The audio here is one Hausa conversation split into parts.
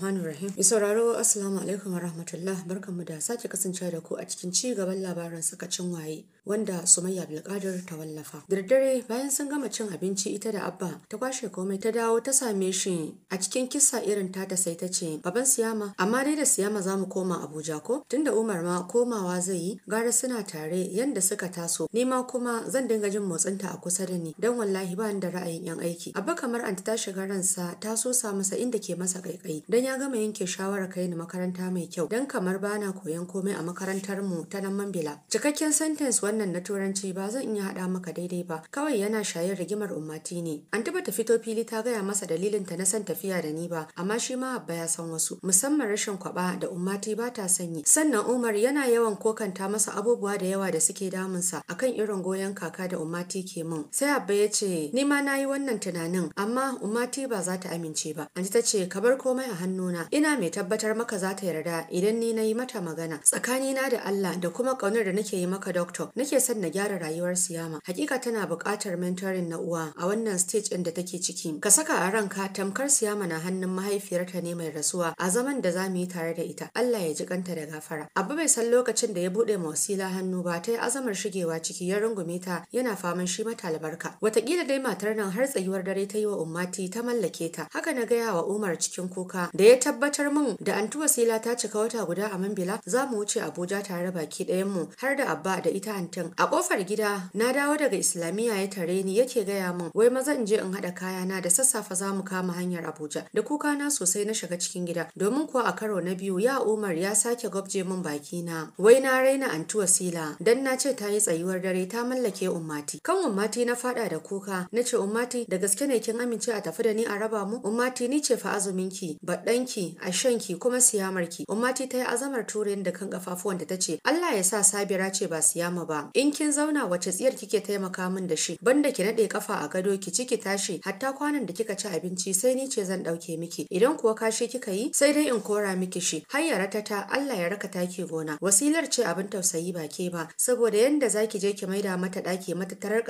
100 Rahim. Mai sauraro Assalamu alaikum wa rahmatullah barkanmu da sake kasancewa da ku a cikin ci gaban labarin sakacin waye wanda Sumayya Bilkadir ta wallafa. Daddare bayan sun gama cin abinci ita da Abba ta kwashe komai ta dawo ta same shi a cikin kisa irin ta ta sai ta ce baban Siyama amma dai da Siyama za mu koma Abuja ko tunda Umar ma komawa zai yi gara suna tare yanda suka taso ni ma kuma zan dinga jin motsinta a kusa da ni dan wallahi ba da ra'ayin yan aiki. Abba kamar Anta ta shiga ransa ta so sa masa inda ke masa kaikai dan ya gama mu yanke shawarar kai ni makaranta mai kyau dan kamar bana koyan komai a makarantar mu ta nan Mambila. Cikakken sentence wannan na turanci ba zan iya hada maka daidai ba. Kawai yana shayar rigimar ummati ne. An taba ta fito fili ta gaya masa dalilin ta na san tafiya da ni ba, amma shi ma Abba ya san wasu, musamman rashin kwaba da ummati ba ta sanyi. Sannan Umar yana yawan kokanta masa abubuwa da yawa da suke damunsa akan irin goyon kaka da ummati ke mun. Sai Abba ya ce, "Ni ma nayi wannan tunanin, amma ummati ba za ta amince ba." Anji ta ce, "Ka bar komai a hannuna, ina mai tabbatar maka za ta yarda idan ni na yi mata magana tsakani na da Allah da kuma ƙaunar da nake yi maka doctor nake son na gyara rayuwar siyama hakika tana buƙatar mentoring na uwa a wannan stage din da take ciki ka saka a ranka tamkar siyama na hannun mahaifiyarta ne mai rasuwa a zaman da za mu yi tare da ita Allah ya ji kanta da gafara abu bai san lokacin da ya buɗe ma wasila hannu ba ta yi azamar shigewa ciki ya rungume ta yana faman shi mata albarka Wataƙila dai matar nan har tsayuwar dare ta yi wa ummati ta mallake ta haka na gaya wa Umar cikin kuka da ya tabbatar mun da antu wasila ta cika wata guda a mambila za mu wuce abuja tare baki ɗayan mu har da abba da ita antin a kofar gida na dawo daga islamiyya ya tare ni yake gaya mun wai maza in je in haɗa kayana da sassafa za mu kama hanyar abuja da kuka na sosai na shiga cikin gida domin kuwa a karo na biyu ya umar ya sake gwabje min baki na wai na raina antu wasila dan na ce ta yi tsayuwar dare ta mallake ummati kan ummati na faɗa da kuka na ce ummati da gaske ne kin amince a tafi da ni a raba mu ummati ni ce fa azuminki baɗanki a shan ki kuma siyamar ki ummati ta yi azamar turin da kan kafafuwan da ta ce Allah ya sa sabira ce ba siyama ba in kin zauna wace tsiyar kike taimaka min da shi banda ki nade kafa a gado ki ciki tashi hatta kwanan da kika ci abinci sai ni ce zan dauke miki idan kuwa kashi kika yi sai dai in kora miki shi har ya ratata Allah ya raka taki gona wasilar ce abin tausayi ba ke ba saboda yanda zaki je ki maida mata daki mata tarar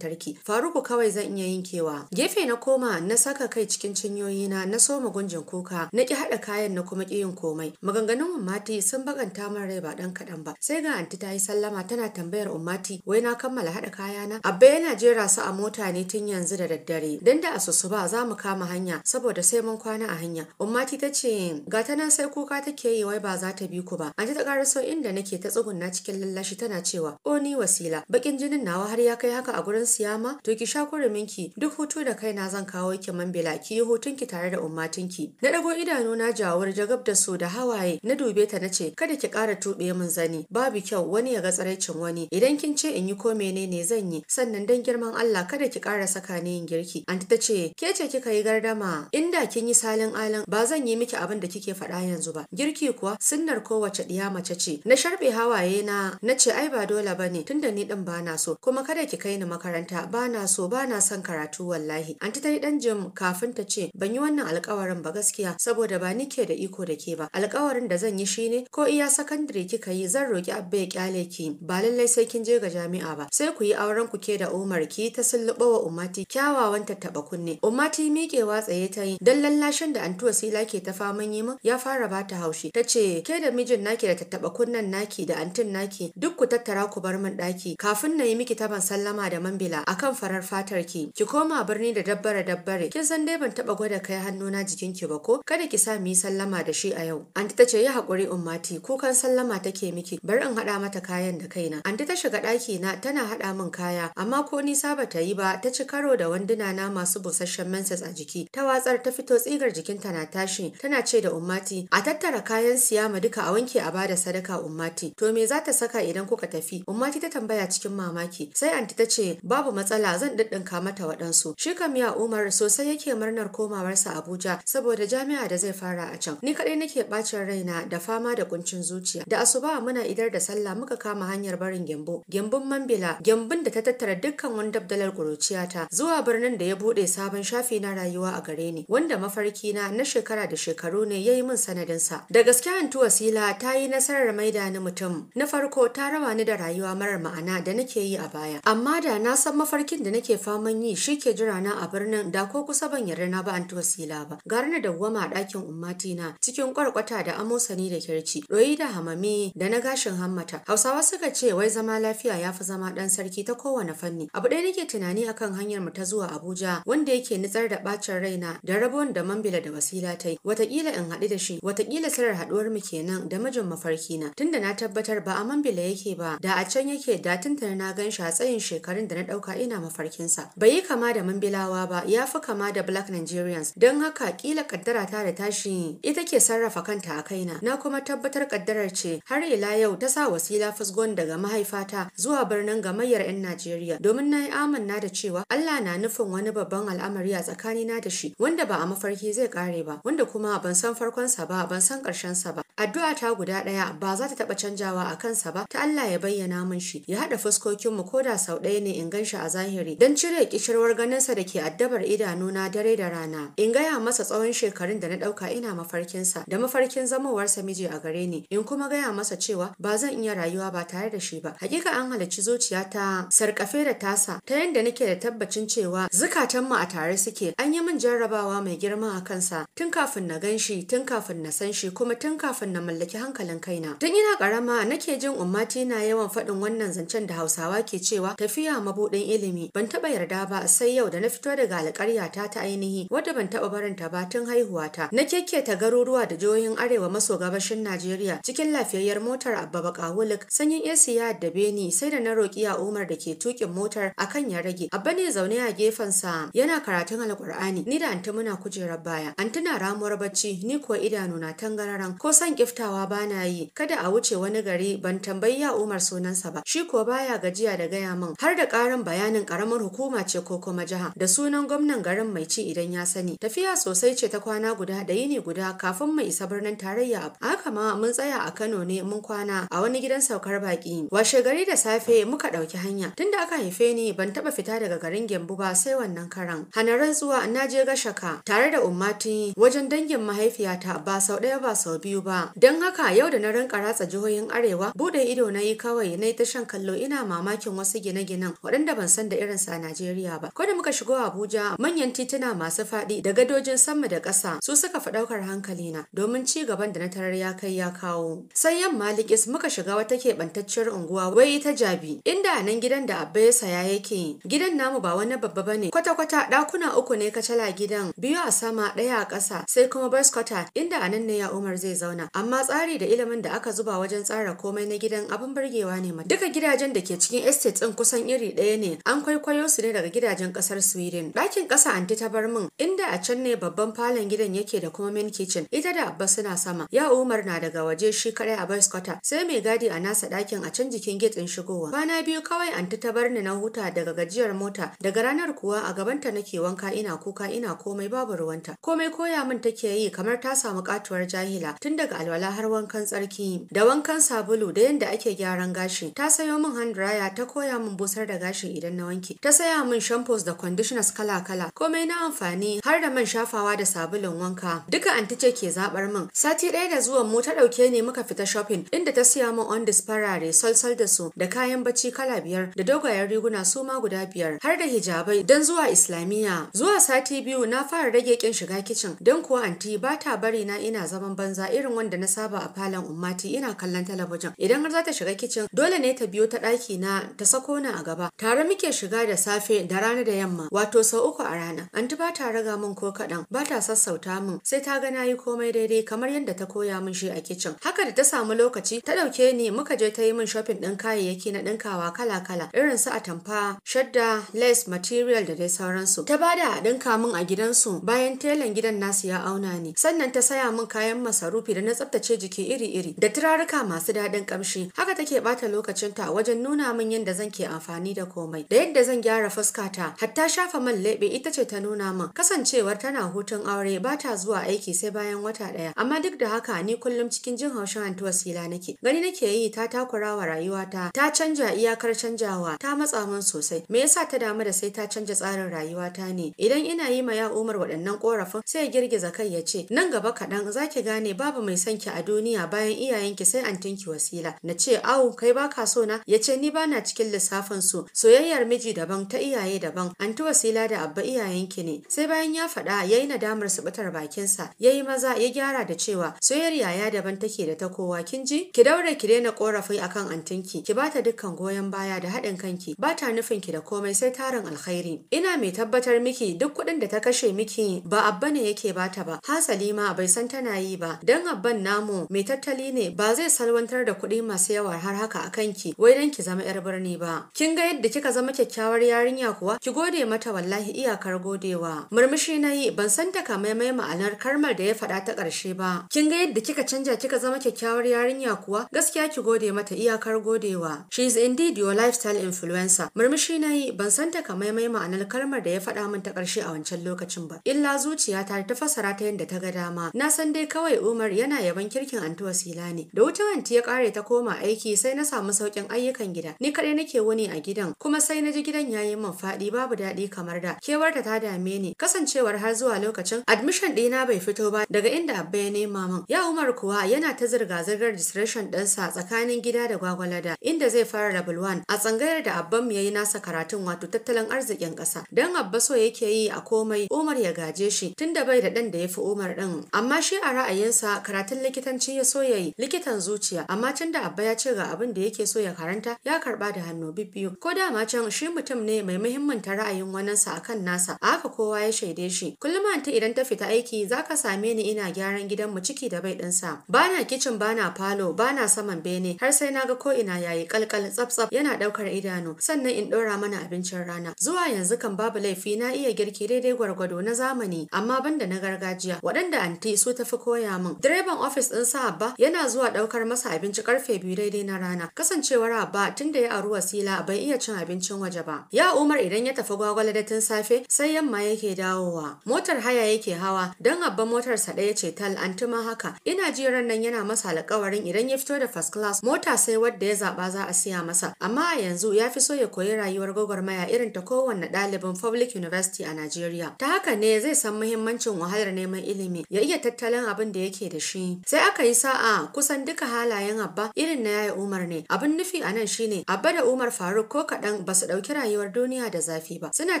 ki. faruku kawai zan iya yin kewa gefe na koma na saka kai cikin cinyoyina na soma gunjin kuka na ki haɗa kayan na kuma kiyin komai maganganun ummati sun baganta min rai ba dan kaɗan ba sai ga anti ta yi sallama tana tambayar ummati wai na kammala haɗa na? abba yana jera su a mota ne tun yanzu da daddare dan da asusu ba za mu kama hanya saboda sai mun kwana a hanya ummati ta ce ga ta nan sai kuka take yi wai ba za ta bi ku ba anti ta ƙaraso inda nake ta tsugunna cikin lallashi tana cewa o ni wasila bakin jinin nawa har ya kai haka a gurin siyama to ki sha minki, duk hutu da kaina zan kawo ki man bila ki yi hutunki tare da ummatinki na ɗago idanuna jajawar jagab da su da hawaye na dube ta na kada ki ƙara tuɓe min zani babu kyau wani ya ga tsaraicin wani idan kin ce in yi ko menene zan yi sannan dan girman Allah kada ki ƙara saka ni yin girki anti ta ce ke ce kika yi gardama inda kin yi salin alan ba zan yi miki abin da kike faɗa yanzu ba girki kuwa sunnar kowace ɗiya mace ce na sharɓe hawaye na na ce ai ba dole ba ne tunda ni din ba na so kuma kada ki kai ni makaranta ba na so ba na son karatu wallahi anti ta yi dan jim kafin ta ce ban yi wannan alƙawarin ba gaskiya saboda ba ba ke da iko da ke ba alƙawarin da zan yi shine ko iya sakandare kika yi zan roki abba ya kyale ki ba lallai sai kin je ga jami'a ba sai ku yi auren ku ke da Umar ki ta sulluɓa wa Ummati kyawawan tattaɓa kunne Umati miƙewa tsaye ta yi dan lallashin da Antu Wasila ke ta faman yi min ya fara bata haushi Ta ce, ke da mijin naki da tattaɓa kunnen naki da antin naki duk ku tattara ku bar min ɗaki kafin na yi miki taban sallama da mambila akan farar fatar ki ki koma birni da dabbare dabbare kin san dai ban taɓa gwada kai hannuna jikin ki ba ko kada ki sa mu yi sallama da shi a yau anti ta ce yi haƙuri ummati kukan sallama take miki bari in haɗa mata kayan da kaina anti ta shiga ɗaki na tana haɗa min kaya amma ko nisa ba ta yi ba ta ci karo da wanduna na masu busasshen menses a jiki ta watsar ta fito tsigar jikinta na tashi tana ce da ummati a tattara kayan siyama duka a wanke a bada sadaka ummati to me za ta saka idan kuka tafi ummati ta tambaya cikin mamaki sai anti ta ce babu matsala zan ɗinɗinka mata waɗansu shi kam ya umar sosai yake murnar komawarsa abuja saboda jami'a da zai fara fara a can ni kadai nake bacin raina da fama da kuncin zuciya da asuba muna idar da sallah muka kama hanyar barin gembo gembun mambila gembun da ta tattara dukkan wani dabdalar kuruciyata zuwa birnin da ya bude sabon shafi na rayuwa a gare ni wanda mafarki na na shekara da shekaru ne yayi min sa da gaske hantu wasila ta yi nasarar maida ni mutum na farko ta rawa ni da rayuwa marar ma'ana da nake yi a baya amma da na san mafarkin da nake faman yi shi ke jira na a birnin da ko kusa ban yarda na ba hantu wasila ba gara na dawwama a ɗakin Matina cikin kwarkwata da amosani da kirci, Ɗoyi da hamami da na gashin hammata. Hausawa suka ce wai zama lafiya ya fi zama ɗan sarki ta kowane fanni. Abu ɗaya nake tunani akan hanyar mu ta zuwa Abuja wanda yake nitsar da bacin raina da rabon da mambila da wasila ta yi. Wataƙila in haɗu da shi, watakila sirar haɗuwar mu kenan da mijin mafarki na. Tunda na tabbatar ba a mambila yake ba, da a can yake da tuntuna na gan shi a tsayin shekarun da na ɗauka ina mafarkinsa. Bai yi kama da mambilawa ba, ya fi kama da Black Nigerians. Don haka kila kaddara ta da tashi ita ke sarrafa kanta a kaina na kuma tabbatar kaddarar ce har ila yau ta sa wasila fusgon daga mahaifata zuwa birnin gamayyar 'yan Najeriya domin na yi amanna da cewa Allah na nufin wani babban al'amari a tsakanina da shi wanda ba a mafarki zai kare ba wanda kuma ban san farkonsa ba ban san sa ba Addu'a ta guda ɗaya ba za ta taɓa canjawa a kansa ba ta Allah ya bayyana mun shi ya haɗa fuskokinmu ko da sau ɗaya ne in gan shi a zahiri don cire kishirwar ganinsa da ke addabar idanu na dare da rana. In gaya masa tsawon shekarun da na ɗauka ina mafarkinsa da mafarkin zamowarsa miji a gare ni in kuma gaya masa cewa ba zan iya rayuwa ba tare da shi ba. Hakika an halarci zuciya ta sarƙafe da tasa ta yadda nake da tabbacin cewa zukatanmu a tare suke an yi min jarrabawa mai girma a kansa tun kafin na gan shi tun kafin na san shi kuma tun kafin kafin na mallaki hankalin kaina. Tun ina karama nake jin ummati na yawan faɗin wannan zancen da Hausawa ke cewa tafiya mabuɗin ilimi. Ban taɓa yarda ba sai yau da na fito daga alƙarya ta ta ainihi wadda ban taɓa barinta ba tun haihuwa ta. Na keke ta garuruwa da jihohin arewa maso gabashin Najeriya cikin lafiyayyar motar Abba Bakawulik sanyin AC ya addabe ni sai da na roƙi ya Umar da ke tukin motar akan ya rage. Abba ne zaune a gefen sa yana karatun Alƙur'ani ni da Anta muna kujerar baya. Anta na ramuwar bacci ni kuwa idanu na tangararan ko ban kiftawa na yi kada a wuce wani gari ban tambayi ya Umar sunansa ba shi ko baya gajiya da gaya min har da karin bayanin karamar hukuma ce ko kuma jiha da sunan gwamnan garin mai ci idan ya sani tafiya sosai ce ta kwana guda da yini guda kafin mai isa birnin tarayya haka ma mun tsaya a Kano ne mun kwana a wani gidan saukar baki washe gari da safe muka ɗauki hanya tunda aka haife ni ban taba fita daga garin Gembu ba sai wannan karan hana rantsuwa na je gashaka tare da ummati wajen dangin mahaifiyata ba sau ɗaya ba sau biyu ba dan Don haka yau da na rinka ratsa jihohin Arewa bude ido na yi kawai na yi ta shan kallo ina mamakin wasu gine-ginen waɗanda ban san da irinsa a Najeriya ba. Ko da muka shigo Abuja manyan tituna masu faɗi da gadojin sama da ƙasa su suka fi ɗaukar na. domin ci gaban da na tarar ya kai ya kawo. Sai yamma Likis muka shiga wata keɓantacciyar unguwa wai ta Jabi inda nan gidan da Abba ya saya yake. Gidan namu ba wani babba bane kwata-kwata ɗakuna uku ne kacala gidan biyu a sama ɗaya a ƙasa sai kuma kwata. inda a nan ne ya Umar zai zauna amma tsari da ilimin da aka zuba wajen tsara komai na gidan abin burgewa ne duka gidajen da ke cikin estate din kusan iri ɗaya ne an kwaikwayo su ne daga gidajen ƙasar sweden ɗakin ƙasa anti ta bar min inda a can ne babban falon gidan yake da kuma main kitchen ita da abba suna sama ya umar na daga waje shi kaɗai a boys sai mai gadi a nasa ɗakin a can jikin gate din shigowa kwana biyu kawai anti ta bar ni na huta daga gajiyar mota daga ranar kuwa a gabanta nake wanka ina kuka ina komai babu ruwanta komai koya min take yi kamar ta samu katuwar jahila tun daga alwala har wankan tsarki da wankan sabulu da yadda ake gyaran gashi ta sayo min hand dryer ta koya min busar da gashi idan na wanke ta saya min shampoos da conditioners kala kala komai na amfani har da man shafawa da sabulun wanka duka anti ce ke zabar min sati ɗaya da zuwan mu ta ɗauke ne muka fita shopping inda ta siya min on farare sol da su da kayan bacci kala biyar da dogayen riguna su ma guda biyar har da hijabai don zuwa islamiyya zuwa sati biyu na fara rage kin shiga kicin don kuwa anti ba ta bari na ina zaman banza irin wanda da na saba a falon ummati ina kallon talabijin idan har za ta shiga kicin dole ne ta biyo ta ɗaki na ta sako ni a gaba tare muke shiga da safe da rana da yamma wato sau uku a rana anti ba ta raga min ko kaɗan ba ta sassauta min sai ta ga na yi komai daidai kamar yadda ta koya min shi a kicin haka da ta samu lokaci ta ɗauke ni muka je ta yi min shopping ɗin kayayyaki na ɗinkawa kala-kala irin su atamfa shadda lace material da dai sauransu ta bada a ɗinka min a gidansu bayan telan gidan nasu ya auna ni sannan ta saya min kayan masarufi da na tsaftace jiki iri-iri da turaruka masu daɗin kamshi. Haka take ɓata lokacinta wajen nuna min yadda zan ke amfani da komai da yadda zan gyara fuskata hatta shafa man leɓe ita ce ta nuna min kasancewar tana hutun aure ba ta zuwa aiki sai bayan wata ɗaya amma duk da haka ni kullum cikin jin haushin hantuwar sila nake gani nake yi ta takurawa wa rayuwata ta canja iyakar canjawa ta matsa min sosai me yasa ta damu da sai ta canja tsarin rayuwata ne idan ina yi ma ya umar waɗannan korafin sai girgiza kai ya ce nan gaba kaɗan zaki gane babu mai sai kanki a duniya bayan iyayenki sai antinki wasila na ce au kai baka so na ya ce ni bana cikin lissafin su soyayyar miji daban ta iyaye daban anti wasila da abba iyayenki ne sai bayan ya faɗa ya yi nadamar su bitar bakinsa ya yi maza ya gyara da cewa soyayyar yaya daban take da ta kowa kin ji ki daure ki daina korafi akan antinki ki bata dukkan goyon baya da haɗin kanki ba ta nufin ki da komai sai tarin alkhairi ina mai tabbatar miki duk kuɗin da ta kashe miki ba abba ne yake bata ba hasali ma bai san tana yi ba dan abba babban namu mai tattali ne ba zai salwantar da kuɗi masu yawa har haka a kanki wai dan ki zama yar birni ba kin ga yadda kika zama kyakkyawar yarinya kuwa ki gode mata wallahi iyakar godewa murmushi na yi ban san ta mai ma'anar karmar da ya faɗa ta ƙarshe ba kin ga yadda kika canja kika zama kyakkyawar yarinya kuwa gaskiya ki gode mata iyakar godewa she is indeed your lifestyle influencer murmushi na yi ban san ta mai ma'anar kalmar da ya faɗa min ta ƙarshe a wancan lokacin ba illa zuciya ta fasara ta yadda ta ga dama na san dai kawai Umar yana yaban kirkin Antuwa wasila ne da wuta wanti ya kare ta koma aiki sai na samu saukin ayyukan gida ni kadai nake wuni a gidan kuma sai na ji gidan yayi min faɗi babu daɗi kamar da kewarta ta dame ni kasancewar har zuwa lokacin admission ɗina bai fito ba daga inda abba ya nema min ya umar kuwa yana ta zirga-zirgar distraction ɗinsa tsakanin gida da gwagwalada inda zai fara level 1 a tsangayar da abban mu yi nasa karatun wato tattalin arzikin ƙasa dan abba so yake yi a komai umar ya gaje shi tunda bai da ɗan da ya fi umar ɗin amma shi a ra'ayinsa karatun karatun likitanci ya so yi likitan zuciya amma tun da abba ya ce ga abin da yake so ya karanta ya karba da hannu bibbiyu ko da ma can shi mutum ne mai muhimmanta ra'ayin waninsa akan nasa a haka kowa ya shaide shi kullum anta idan ta fita aiki zaka same ni ina gyaran gidan mu ciki da bai sa bana kicin bana falo bana saman bene har sai naga ko ina yayi kalkal tsaftsaf yana ɗaukar idanu sannan in dora mana abincin rana zuwa yanzu kan babu laifi na iya girki daidai gwargwado na zamani amma banda na gargajiya waɗanda anti su tafi koya min direban ofis ɗinsa Abba yana zuwa ɗaukar masa abinci karfe biyu daidai na rana. Kasancewar Abba tun da ya auri wasila bai iya cin abincin waje ba. Ya Umar idan ya tafi da tun safe sai yamma yake dawowa. Motar haya yake hawa don Abba motarsa ɗaya ce tal antuma haka. Ina ji ran nan yana masa alƙawarin idan ya fito da first class mota sai wadda ya zaɓa za a siya masa. Amma a yanzu ya fi so ya koyi rayuwar gwagwarmaya irin ta kowanne ɗalibin Public University a Najeriya. Ta haka ne zai san muhimmancin wahalar neman ilimi ya iya tattalin abin da yake da shi. Sai aka yi sa'a kusan duka halayen Abba irin na yaya Umar ne. Abin nufi a nan shine Abba da Umar Faruk ko kaɗan ba su ɗauki rayuwar duniya da zafi ba. Suna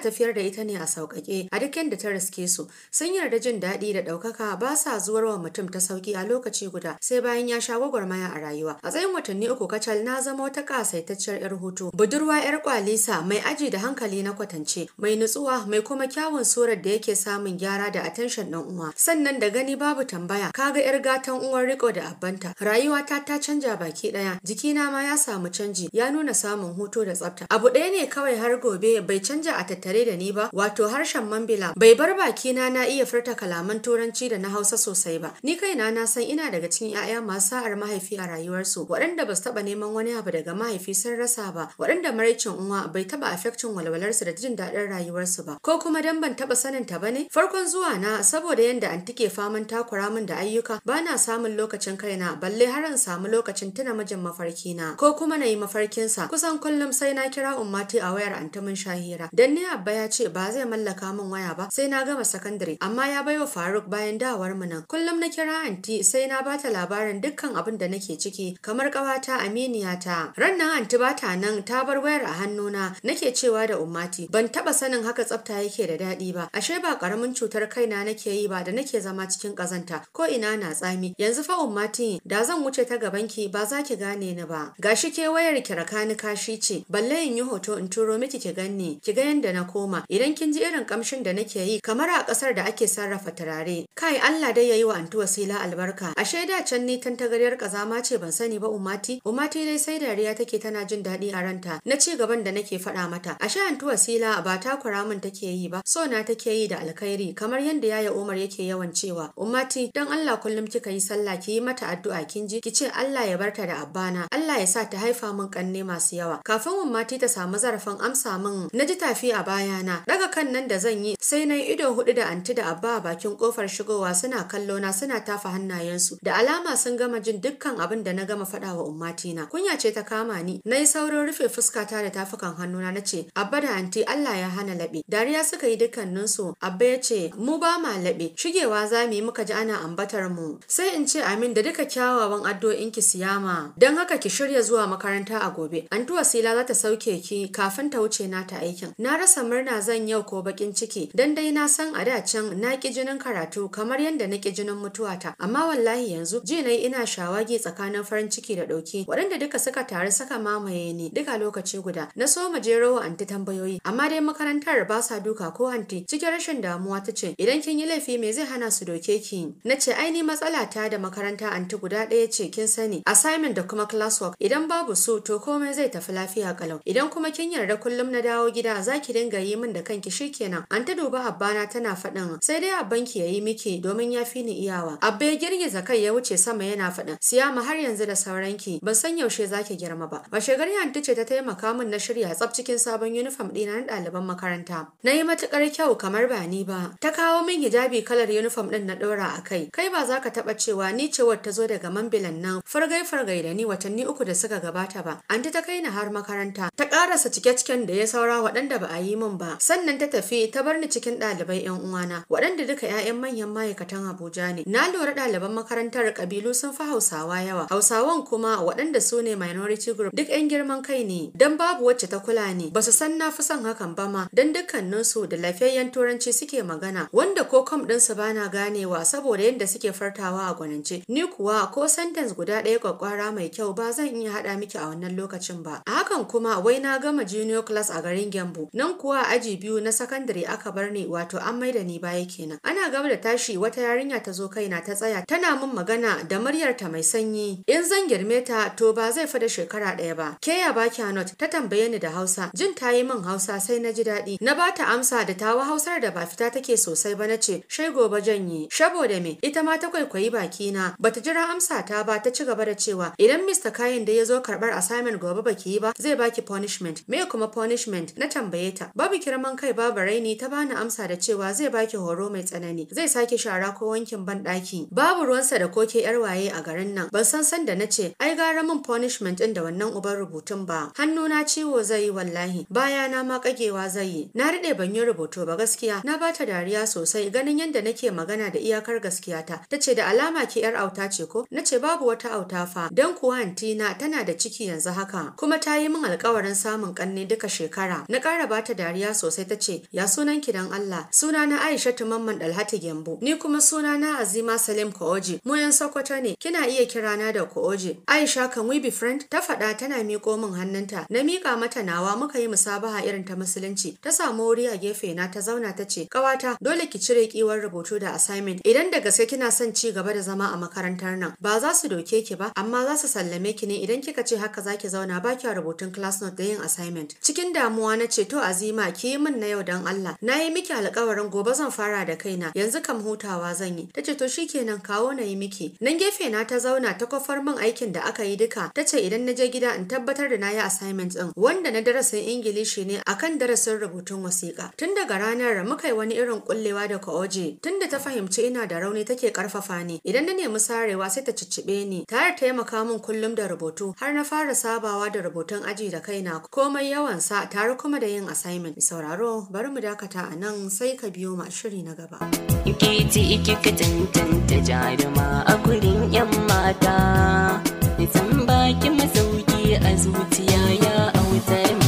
tafiyar da ita ne a sauƙaƙe a duk yadda ta riske su. Sun yarda jin daɗi da ɗaukaka ba sa zuwar wa mutum ta sauƙi a lokaci guda sai bayan ya sha gwagwarmaya a rayuwa. A tsayin watanni uku kacal na zama wata ƙasaitacciyar 'yar hutu. Budurwa 'yar kwalisa mai aji da hankali na kwatance mai nutsuwa mai kuma kyawun surar da yake samun gyara da attention ɗan uwa. Sannan da gani babu tambaya kaga 'yar gata fatan uwar riko da abanta rayuwata ta canja baki daya jikina ma ya samu canji ya nuna samun hutu da tsafta abu daya ne kawai har gobe bai canja a tattare da ni ba wato harshen mambila bai bar baki na na iya furta kalaman turanci da na hausa sosai ba ni kaina na san ina daga cikin 'ya'ya masu sa'ar mahaifi a rayuwarsu waɗanda ba su taɓa neman wani abu daga mahaifi sun rasa ba waɗanda maraicin uwa bai taɓa afekcin walwalarsu da jin daɗin rayuwarsu ba ko kuma dan ban taɓa saninta ba ne? farkon zuwa na saboda yadda an take faman takura min da ayyuka bana ina samun lokacin kaina balle har in samu lokacin tuna mijin mafarki na ko kuma na yi sa kusan kullum sai na kira ummati a wayar antumin shahira dan ni abba ya ce ba zai mallaka min waya ba sai na gama sakandare amma ya baiwa faruk bayan dawar mu nan kullum na kira anti sai na bata labarin dukkan abin da nake ciki kamar kawata aminiyata ran nan anti bata nan ta bar wayar a hannuna nake cewa da ummati ban taba sanin haka tsafta yake da daɗi ba ashe ba karamin cutar kaina nake yi ba da nake zama cikin kazanta ko ina na tsami yanzu fa ummati da zan wuce ta gabanki, ba za ki gane ni ba. Gashi ke wayar ki rakani kashi ce, balle in yi hoto in turo miki ki ganni, ki ga yanda na koma. Idan kin ji irin kamshin da nake yi kamar a kasar da ake sarrafa turare. Kai Allah dai yayi wa antu wasila albarka. A shaida can ni tantagaryar kazama ce ban sani ba ummati. Ummati dai sai dariya take tana jin daɗi a ranta. Na ci gaban da nake faɗa mata. A sha antu wasila ba takura min take yi ba. So na take yi da alkhairi kamar yanda yaya Umar yake yawan cewa. Ummati dan Allah kullum ki kika yi sallah ki yi mata addu'a kin ji ki ce Allah ya barta da abbana Allah ya sa ta haifa min kanne masu yawa kafin ummati ta samu zarafin amsa min na ji tafi a bayana daga kan nan da zan yi sai na yi ido hudu da anti da abba a bakin kofar shigowa suna kallo na suna tafa hannayensu da alama sun gama jin dukkan abin da na gama faɗa wa na. kunya ce ta kama ni na yi saurin rufe fuskata da tafukan hannuna na ce abba da anti Allah ya hana laɓe dariya suka yi dukkaninsu abba ya ce mu ba ma laɓe shigewa za mu yi muka ji ana ambatar mu sai in ce amin da duka kyawawan addu'o'in siya siyama don haka ki shirya zuwa makaranta a gobe an tuwa sila za ta sauke ki kafin ta wuce nata aikin na rasa murna zan yau ko bakin ciki dan dai na san a da can na ki jinin karatu kamar yadda na ki jinin ta amma wallahi yanzu ji na ina shawagi tsakanin farin ciki da ɗauki waɗanda duka suka taru suka mamaye ni duka lokaci guda na so mu je rawa anti tambayoyi amma dai makarantar ba sa duka ko anti cikin rashin damuwa ta ce idan kin yi laifi me zai hana su doke ki na ce ai ni matsala ta da makaranta anti guda ɗaya ce kin sani assignment da kuma classwork idan babu su to komai zai tafi lafiya kalau idan kuma kin yarda kullum na dawo gida za ki dinga yi min da kanki shikenan an ta duba abbana tana faɗin sai dai abban ki yayi miki domin ya fi ni iyawa abba ya girgiza kai ya wuce sama yana faɗin Siya ma har yanzu da sauran ki. ban san yaushe za ki girma ba washe gari anti ce ta taimaka min na shirya tsaf cikin sabon uniform ɗina na ɗaliban makaranta na yi matuƙar kyau kamar ba ni ba ta kawo min hijabi kalar uniform ɗin na ɗora a kai kai ba za ka taɓa taɓa cewa ni ce wata zo daga mambilan nan fargai fargai da ni watanni uku da suka gabata ba an ta kai ni har makaranta ta karasa cike-ciken da ya saura waɗanda ba a yi min ba sannan ta tafi ta bar ni cikin ɗalibai yan uwana waɗanda duka 'ya'yan manyan ma'aikatan Abuja ne na lura ɗaliban makarantar kabilu sun fi Hausawa yawa Hausawan kuma waɗanda su ne minority group duk ƴan girman kai ne dan babu wacce ta kula ne ba su san na fi son hakan ba ma dan dukkaninsu da lafiyayyen turanci suke magana wanda ko kom ɗinsu na ganewa saboda yadda suke fartawa a gwanance ni kuwa ko sentence guda ɗaya kwakwara mai kyau ba zan iya haɗa miki a wannan lokacin ba a hakan kuma wai na gama junior class a garin Gembu nan kuwa aji biyu na sakandare aka bar ni wato an da ni baya kenan ana gama da tashi wata yarinya ta zo kaina ta tsaya tana min magana da muryarta mai sanyi in zan girme ta to ba zai fada shekara ɗaya ba ke ya ba kyanot ta tambaye ni da hausa jin ta yi min hausa sai na ji daɗi na ba ta amsa da tawa hausar da ba fita take sosai ba na ce shai gobe janye saboda me ita ma ta kwaikwayi bakina. Bata jira amsa ta ba ta ci gaba da cewa idan Mr. Kayin da ya zo karɓar assignment gobe baki yi ba zai baki punishment. Me kuma punishment? Na tambaye ta. Babu kirman kai babu raini ta bani amsa da cewa zai baki horo mai tsanani. Zai sake shara ko wankin ban ɗaki. Babu ruwansa da koke yar waye a garin nan. Ban san san da na ce ai gara min punishment ɗin da wannan uban rubutun ba. Hannuna ciwo zai yi wallahi. Baya na ma kagewa zai yi. Na riɗe ban yi rubutu ba gaskiya. Na bata dariya sosai ganin yadda nake magana da iyakar gaskiyata. Ta ce da alama ki yar auta ce ko na ce babu wata auta fa dan kuwa antina tana da ciki yanzu haka kuma ta yi min alƙawarin samun kanne duka shekara na ƙara bata dariya sosai ta ce ya sunan ki dan Allah suna na Aisha Mamman Dalhati Gembo ni kuma suna na Azima Salim Kooji mu yan Sokoto ne kina iya kira na da Kooji Aisha can we be friend ta faɗa tana miƙo min hannunta na miƙa mata nawa muka yi musabaha irin ta musulunci ta samu wuri a gefe na ta zauna ta ce ƙawata dole ki cire kiwar rubutu da assignment idan da gaske kina son ci gaba gaba zama a makarantar nan ba za su doke ki ba amma za su sallame ki ne idan kika ce haka za ki zauna ba kya rubutun class note da yin assignment cikin damuwa na ce to azima ki yi min na yau dan Allah na yi miki alƙawarin gobe zan fara da kaina yanzu kam hutawa zan yi tace to shikenan kawo na yi miki nan gefe na ta zauna ta kofar min aikin da aka yi duka tace idan na je gida in tabbatar da na yi assignment din wanda na darasin ingilishi ne akan darasin rubutun wasiƙa tun daga ranar muka yi wani irin kullewa da kaoje tunda ta fahimci ina da rauni take karfafa ni idan na nemi sarewa sai ta cicibe ni tare taimaka min kullum da rubutu har na fara sabawa da rubutun aji da kaina komai yawansa tare kuma da yin assignment mi sauraro bari mu dakata a nan sai ka biyo ma shiri na gaba ikiti ikika tantanta jaruma a gurin yan mata nisan baki masauki a zuciya ya autar